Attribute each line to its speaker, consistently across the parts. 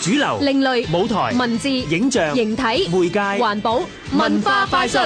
Speaker 1: 主流、另類舞台、文字、影像、形體、媒介、環保、文化快訊。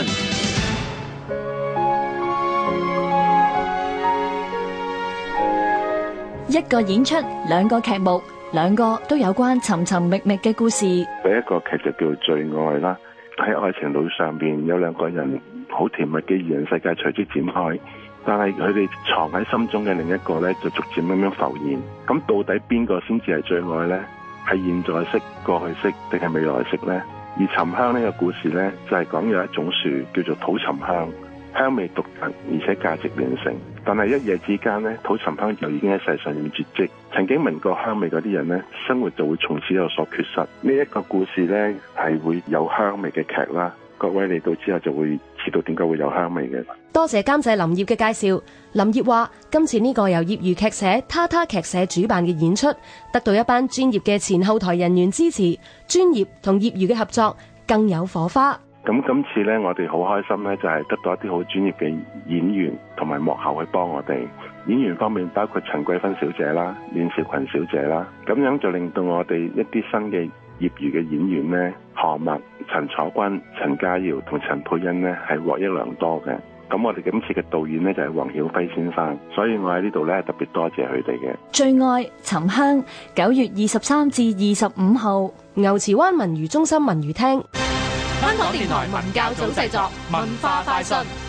Speaker 1: 一個演出，兩個劇目，兩個都有關尋尋覓覓嘅故事。
Speaker 2: 第一個劇就叫做最愛啦，喺愛情路上邊有兩個人好甜蜜嘅，二人世界隨之展開，但係佢哋藏喺心中嘅另一個咧就逐漸咁樣浮現，咁到底邊個先至係最愛咧？係現在式、過去式定係未來式呢？而沉香呢個故事呢，就係、是、講有一種樹叫做土沉香，香味獨特，而且價值連城。但係一夜之間呢，土沉香就已經喺世上面絕跡。曾經聞過香味嗰啲人呢，生活就會從此有所缺失。呢、這、一個故事呢，係會有香味嘅劇啦。各位嚟到之後就會知道點解會有香味嘅。
Speaker 1: 多謝監製林葉嘅介紹。林葉話：今次呢個由業餘劇社、他他劇社主辦嘅演出，得到一班專業嘅前後台人員支持，專業同業餘嘅合作更有火花。
Speaker 2: 咁今次呢，我哋好開心呢，就係、是、得到一啲好專業嘅演員同埋幕後去幫我哋。演員方面包括陳桂芬小姐啦、阮兆群小姐啦，咁樣就令到我哋一啲新嘅業餘嘅演員呢，學問。陳楚君、陳家瑤同陳佩恩呢係獲益良多嘅，咁我哋今次嘅導演呢，就係黃曉輝先生，所以我喺呢度呢，特別多謝佢哋嘅
Speaker 1: 《最愛沉香》，九月二十三至二十五號，牛池灣文娛中心文娛廳，
Speaker 2: 香港電台文教組製作，文化快訊。